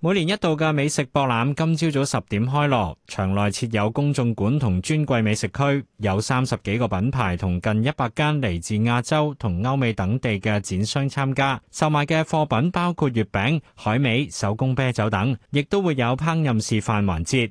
每年一度嘅美食博覽今朝早十點開鑼，場內設有公眾館同尊貴美食區，有三十幾個品牌同近一百間嚟自亞洲同歐美等地嘅展商參加。售賣嘅貨品包括月餅、海味、手工啤酒等，亦都會有烹飪示範環節。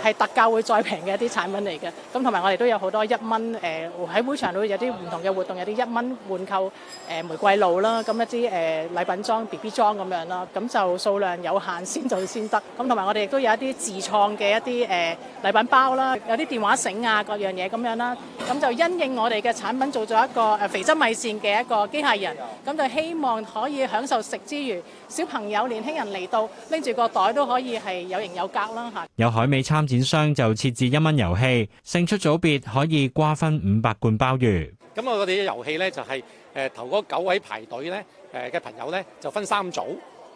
係特價會再平嘅一啲產品嚟嘅，咁同埋我哋都有好多一蚊誒喺會場度有啲唔同嘅活動，有啲一蚊換購誒、呃、玫瑰露啦，咁一啲誒、呃、禮品裝 BB 裝咁樣啦，咁就數量有限先到先得。咁同埋我哋亦都有一啲自創嘅一啲誒、呃、禮品包啦，有啲電話繩啊，各樣嘢咁樣啦。咁就因應我哋嘅產品做咗一個誒肥汁米線嘅一個機械人，咁就希望可以享受食之餘，小朋友年輕人嚟到拎住個袋都可以係有型有格啦嚇。有海味參展商就設置一蚊遊戲，勝出組別可以瓜分五百罐鮑魚。咁我哋嘅遊戲咧就係誒頭嗰九位排隊咧誒嘅朋友咧就分三組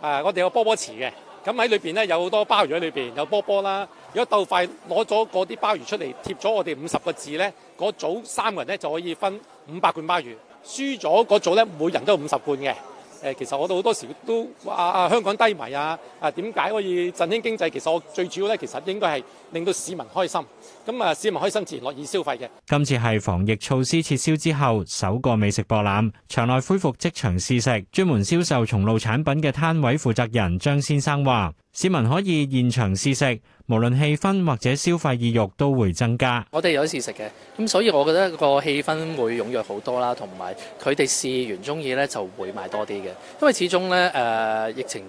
啊，我哋有波波池嘅。咁喺裏面呢，有好多鮑魚喺裏面，有波波啦。如果鬥快攞咗嗰啲鮑魚出嚟，貼咗我哋五十個字呢，嗰組三個人呢就可以分五百罐鮑魚。輸咗嗰組呢，每人都五十罐嘅。誒，其實我哋好多時都話香港低迷啊！啊，點解可以振興經濟？其實我最主要咧，其實應該係令到市民開心。咁啊，市民開心自然樂意消費嘅。今次係防疫措施撤銷之後首個美食博覽，場內恢復即場試食。專門銷售松露產品嘅攤位負責人張先生話。市民可以現場試食，無論氣氛或者消費意欲都會增加。我哋有試食嘅，咁所以我覺得個氣氛會踴躍好多啦，同埋佢哋試完鍾意呢就會買多啲嘅。因為始終呢，誒、呃、疫情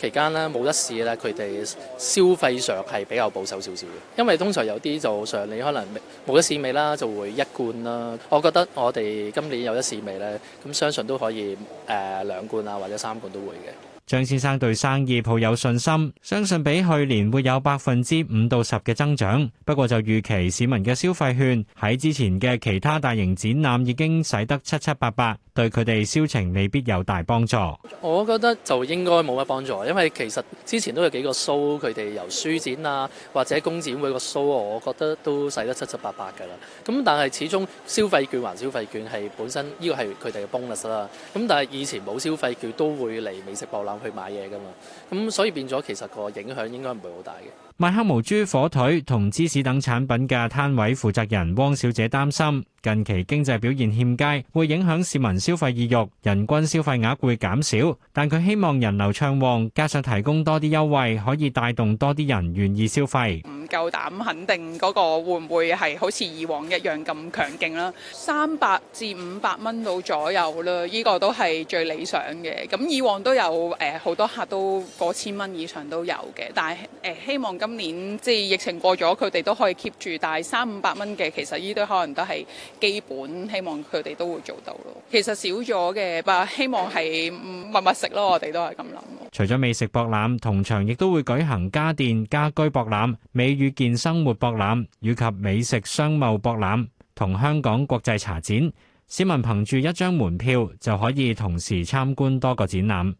期間呢，冇得試呢，佢哋消費上係比較保守少少嘅。因為通常有啲就上你可能冇得試味啦，就會一罐啦。我覺得我哋今年有得試味呢，咁相信都可以誒、呃、兩罐啊或者三罐都會嘅。張先生對生意抱有信心，相信比去年會有百分之五到十嘅增長。不過就預期市民嘅消費券喺之前嘅其他大型展覽已經使得七七八八，對佢哋銷情未必有大幫助。我覺得就應該冇乜幫助，因為其實之前都有幾個 show，佢哋由書展啊或者公展會個 show，我覺得都使得七七八八㗎啦。咁但係始終消費券還消費券係本身呢個係佢哋嘅 bonus 啦。咁、bon、但係以前冇消費券都會嚟美食博覽。去買嘢噶嘛，咁所以變咗其實個影響應該唔會好大嘅。賣黑毛豬火腿同芝士等產品嘅攤位負責人汪小姐擔心近期經濟表現欠佳，會影響市民消費意欲，人均消費額會減少。但佢希望人流暢旺，加上提供多啲優惠，可以帶動多啲人願意消費。唔夠膽肯定嗰個會唔會係好似以往一樣咁強勁啦？三百至五百蚊到左右啦，呢個都係最理想嘅。咁以往都有誒。好多客都過千蚊以上都有嘅，但係誒、呃、希望今年即係疫情過咗，佢哋都可以 keep 住。但係三五百蚊嘅，其實呢啲可能都係基本，希望佢哋都會做到咯。其實少咗嘅，但希望係密密食咯。我哋都係咁諗。除咗美食博覽，同場亦都會舉行家電家居博覽、美與健生活博覽以及美食商貿博覽同香港國際茶展。市民憑住一張門票就可以同時參觀多個展覽。